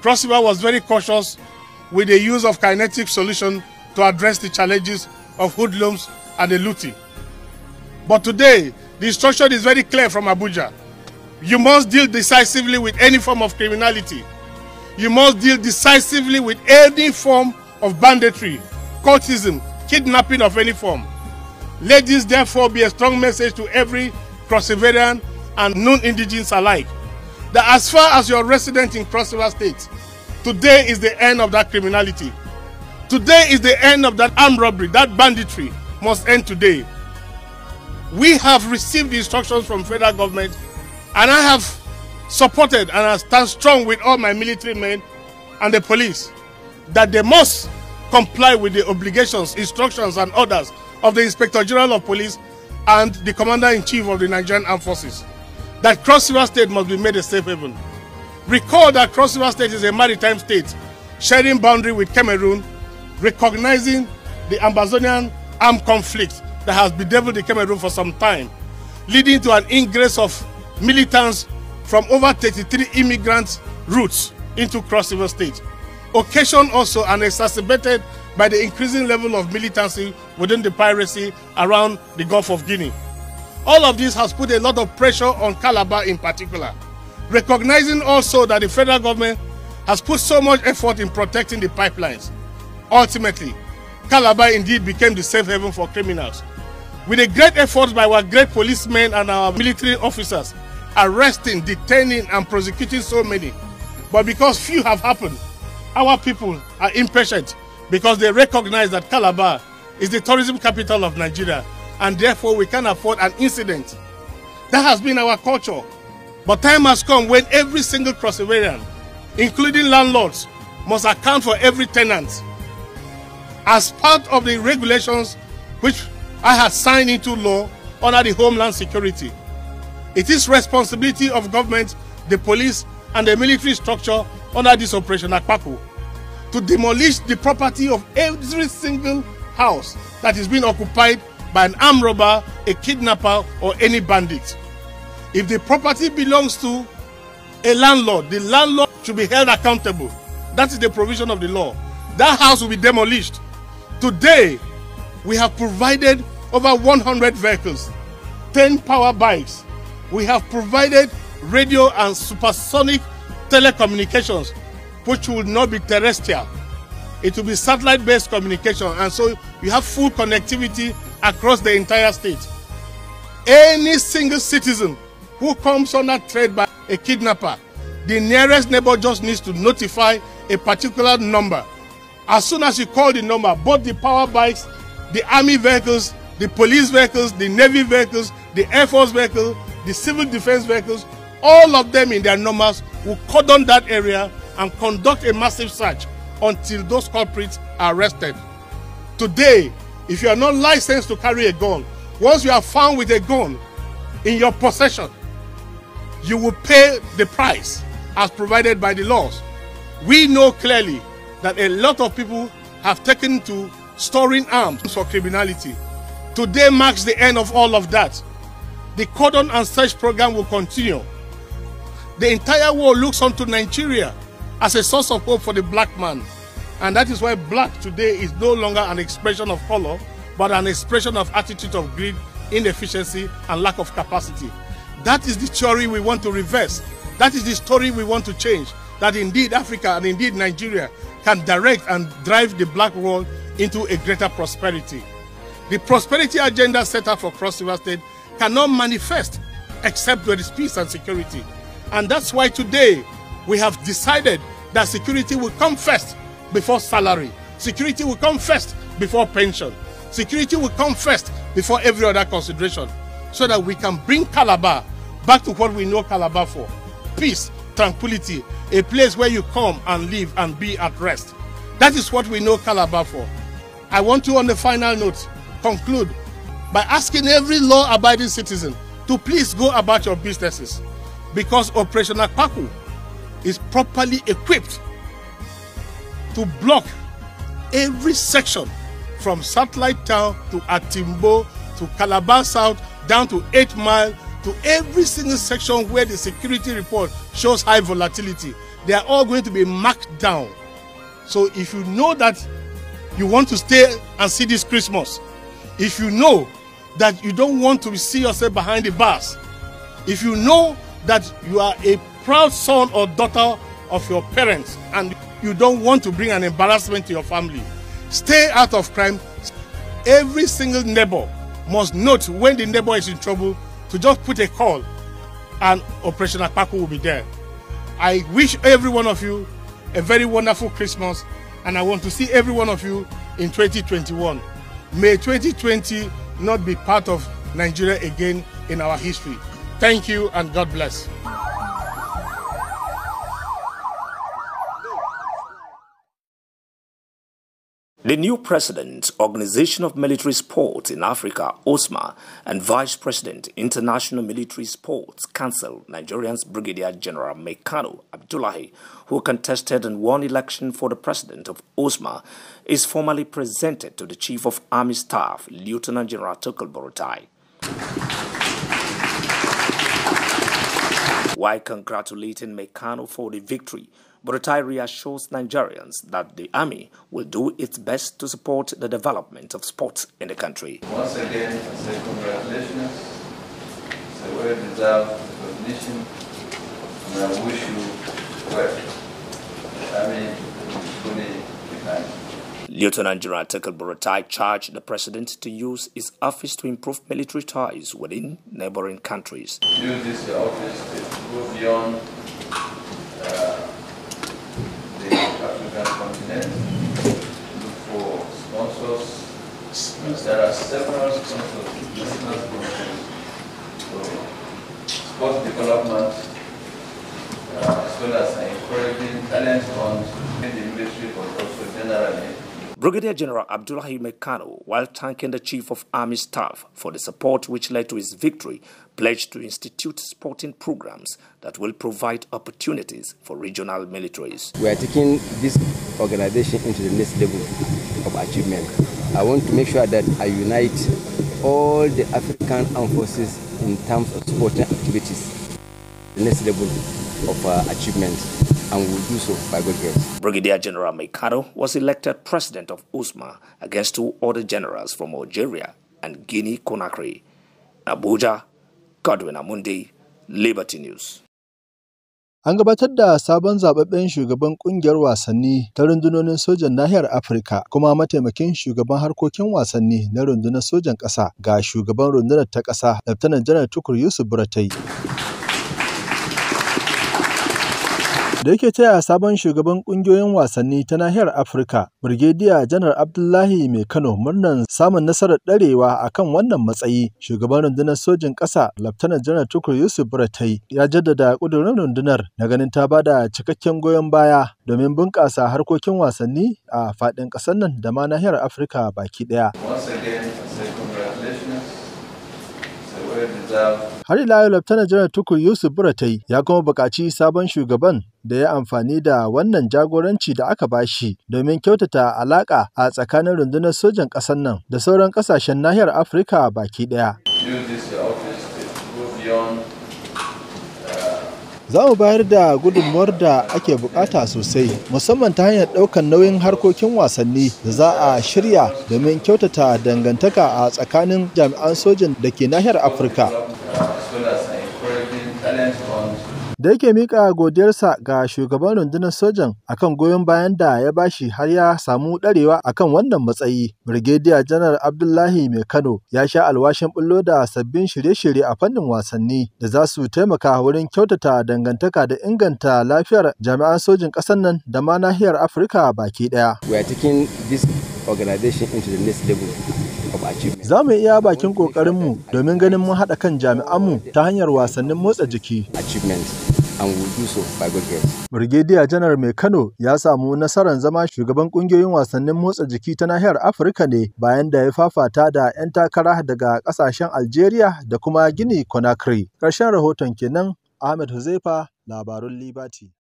Prosper was very cautious with the use of kinetic solution to address the challenges of hoodlums and the looting. But today, the instruction is very clear from Abuja. You must deal decisively with any form of criminality. You must deal decisively with any form of banditry, cultism, kidnapping of any form. Let this therefore be a strong message to every Crossiverian and non indigenous alike that as far as you're resident in Cross River State, today is the end of that criminality. Today is the end of that armed robbery, that banditry must end today. We have received instructions from federal government and I have supported and I stand strong with all my military men and the police that they must comply with the obligations, instructions and orders of the Inspector General of Police and the Commander-in-Chief of the Nigerian Armed Forces. that Cross River State must be made a safe haven. Recall that Cross River State is a maritime state sharing boundary with Cameroon, recognizing the Amazonian armed conflict that has bedeviled the Cameroon for some time, leading to an ingress of militants from over 33 immigrant routes into Cross River State. Occasion also and exacerbated by the increasing level of militancy within the piracy around the Gulf of Guinea. All of this has put a lot of pressure on Calabar in particular. Recognizing also that the federal government has put so much effort in protecting the pipelines. Ultimately, Calabar indeed became the safe haven for criminals. With a great effort by our great policemen and our military officers, arresting, detaining and prosecuting so many. But because few have happened, our people are impatient because they recognize that Calabar is the tourism capital of Nigeria and therefore we can't afford an incident. That has been our culture. But time has come when every single Crossavarian, including landlords, must account for every tenant. As part of the regulations which I have signed into law under the Homeland Security, it is responsibility of government, the police, and the military structure under this operation at Paku to demolish the property of every single house that is being occupied by an armed robber, a kidnapper, or any bandit. If the property belongs to a landlord, the landlord should be held accountable. That is the provision of the law. That house will be demolished. Today, we have provided over 100 vehicles, 10 power bikes. We have provided radio and supersonic telecommunications, which will not be terrestrial. It will be satellite-based communication, and so you have full connectivity across the entire state. Any single citizen who comes under threat by a kidnapper, the nearest neighbor just needs to notify a particular number. As soon as you call the number, both the power bikes, the army vehicles, the police vehicles, the navy vehicles, the air force vehicles, the civil defense vehicles, all of them in their numbers will cordon that area and conduct a massive search until those culprits are arrested. Today, if you are not licensed to carry a gun, once you are found with a gun in your possession, you will pay the price as provided by the laws. We know clearly that a lot of people have taken to storing arms for criminality. Today marks the end of all of that. The cordon and search program will continue. The entire world looks onto Nigeria as a source of hope for the black man. And that is why black today is no longer an expression of color, but an expression of attitude of greed, inefficiency, and lack of capacity. That is the story we want to reverse. That is the story we want to change. That indeed Africa and indeed Nigeria can direct and drive the black world into a greater prosperity. The prosperity agenda set up for Cross River State cannot manifest except there is peace and security. And that's why today we have decided that security will come first before salary. Security will come first before pension. Security will come first before every other consideration so that we can bring Calabar back to what we know Calabar for. Peace, tranquility, a place where you come and live and be at rest. That is what we know Calabar for. I want to, on the final note, conclude by asking every law abiding citizen to please go about your businesses because Operational Paku is properly equipped to block every section from Satellite Town to Atimbo to Calabar South down to 8 Mile to every single section where the security report shows high volatility. They are all going to be marked down. So if you know that you want to stay and see this Christmas, if you know that you don't want to see yourself behind the bars, if you know that you are a proud son or daughter of your parents and you don't want to bring an embarrassment to your family. Stay out of crime. Every single neighbor must note when the neighbor is in trouble to just put a call and Operation Apaku will be there. I wish every one of you a very wonderful Christmas and I want to see every one of you in 2021. May 2020 not be part of Nigeria again in our history. Thank you and God bless. The new president, Organization of Military Sports in Africa, OSMA, and vice president, International Military Sports Council, Nigerian's Brigadier General Mekano Abdullahi, who contested and won election for the president of OSMA, is formally presented to the Chief of Army Staff, Lieutenant General Tokel Borotai. While congratulating Meccano for the victory, Buratai reassures Nigerians that the army will do its best to support the development of sports in the country. Once again, I say congratulations. It's a well deserved recognition, and I wish you well. I mean, Lieutenant General Tekel Buratai charged the president to use his office to improve military ties within neighboring countries. Use this office to go beyond African continent. Look for sponsors. There are several sponsors, national sponsors for sports development, uh, as well as Brigadier General Abdullahi Mekano, while thanking the Chief of Army Staff for the support which led to his victory, pledged to institute sporting programs that will provide opportunities for regional militaries. We are taking this organization into the next level of achievement. I want to make sure that I unite all the African armed forces in terms of sporting activities, the next level of uh, achievement. and will do so by God's grace. Brigadier General Mikado was elected president of USMA against two other generals from Algeria and Guinea Conakry. Abuja, Godwin Amundi, Liberty News. An gabatar da sabon zababben shugaban kungiyar wasanni ta rundunonin sojan nahiyar Afirka kuma mataimakin shugaban harkokin wasanni na rundunar sojan ƙasa ga shugaban rundunar ta ƙasa Lieutenant Janar Tukur Yusuf Buratai. Da yake taya sabon shugaban kungiyoyin wasanni ta nahiyar Afirka, Birgediya Janar Abdullahi Mai Kano murnan samun nasarar ɗarewa a kan wannan matsayi, shugaban rundunar sojin ƙasa Laftanar Janar Tukur Yusuf Buratai ya jaddada ƙudurin rundunar na ganin ta bada cikakken goyon baya domin bunƙasa harkokin wasanni a faɗin ƙasar nan da ma nahiyar Afirka baki ɗaya. Har ila yau Laftanar Janar Tukur Yusuf Buratai ya kuma buƙaci sabon shugaban da ya amfani da wannan jagoranci da aka bashi domin kyautata alaƙa a tsakanin rundunar sojan ƙasar nan da sauran ƙasashen nahiyar Afirka baki ɗaya. Za mu bayar da gudunmuwar da ake bukata sosai, musamman ta hanyar ɗaukar nauyin harkokin wasanni da za a shirya domin kyautata dangantaka a tsakanin jami'an sojin da ke nahiyar Afirka. Da yake miƙa godiyarsa ga Shugaban Rundunar Sojan akan goyon bayan da ya bashi har ya samu ɗarewa a kan wannan matsayi, Birgediya Janar Abdullahi Mai Kano ya sha alwashin bullo da sabbin shirye-shirye a fannin wasanni da za su taimaka wurin kyautata dangantaka da inganta lafiyar jami'an sojin ƙasar nan da ma nahiyar Afirka baki ɗaya. We are taking this organization into Za mu iya bakin ƙoƙarinmu domin ganin mun haɗa kan jami'anmu ta hanyar wasannin motsa jiki. Brigadier Janar Mai Kano ya samu nasarar zama shugaban ƙungiyoyin wasannin motsa jiki ta nahiyar Afirka ne bayan da ya fafata da 'yan takara daga ƙasashen Algeria da kuma Gini Conakry. Ƙarshen rahoton kenan Ahmed Huzaifa, labarun Liberty.